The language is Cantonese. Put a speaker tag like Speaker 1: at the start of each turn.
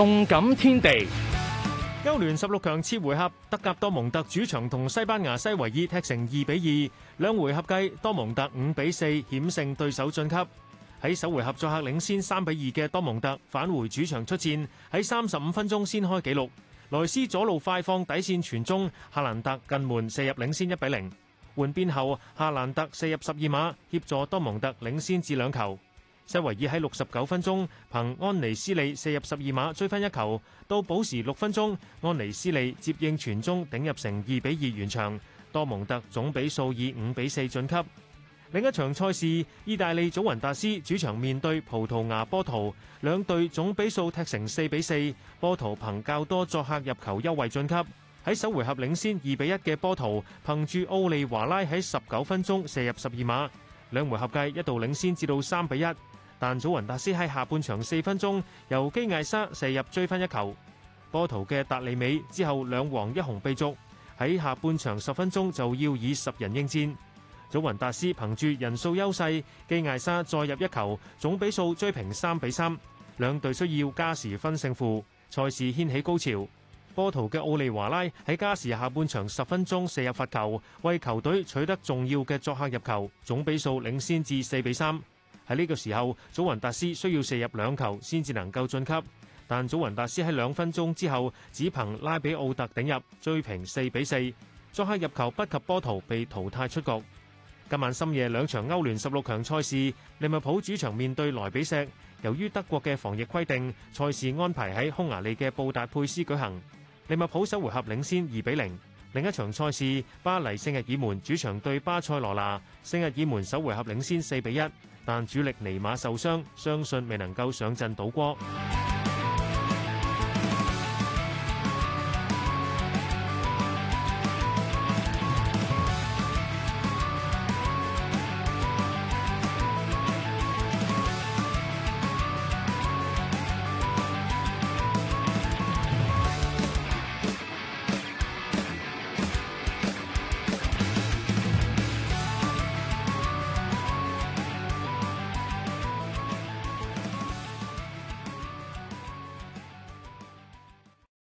Speaker 1: 動感天地，歐聯十六強次回合，德甲多蒙特主場同西班牙西維爾踢成二比二，兩回合計多蒙特五比四險勝對手晉級。喺首回合作客領先三比二嘅多蒙特，返回主場出戰，喺三十五分鐘先開紀錄，萊斯左路快放底線傳中，夏蘭特近門射入領先一比零。換邊後，夏蘭特射入十二碼協助多蒙特領先至兩球。西維爾喺六十九分鐘憑安尼斯利射入十二碼追返一球，到補時六分鐘，安尼斯利接應傳中頂入成二比二完場。多蒙特總比數以五比四晉級。另一場賽事，意大利祖雲達斯主場面對葡萄牙波圖，兩隊總比數踢成四比四，波圖憑較多作客入球優惠晉級。喺首回合領先二比一嘅波圖，憑住奧利華拉喺十九分鐘射入十二碼，兩回合計一度領先至到三比一。但祖雲達斯喺下半場四分鐘由基艾沙射入追返一球。波圖嘅達利美之後兩黃一紅被逐，喺下半場十分鐘就要以十人應戰。祖雲達斯憑住人數優勢，基艾沙再入一球，總比數追平三比三。兩隊需要加時分勝負，賽事掀起高潮。波圖嘅奧利華拉喺加時下半場十分鐘射入罰球，為球隊取得重要嘅作客入球，總比數領先至四比三。喺呢個時候，祖雲達斯需要射入兩球先至能夠晉級，但祖雲達斯喺兩分鐘之後只憑拉比奧特頂入，追平四比四。作客入球不及波圖被淘汰出局。今晚深夜兩場歐聯十六強賽事，利物浦主場面對萊比錫。由於德國嘅防疫規定，賽事安排喺匈牙利嘅布達佩斯舉行。利物浦首回合領先二比零。另一場賽事，巴黎聖日耳門主場對巴塞羅那，聖日耳門首回合領先四比一。但主力尼瑪受傷，相信未能夠上陣倒波。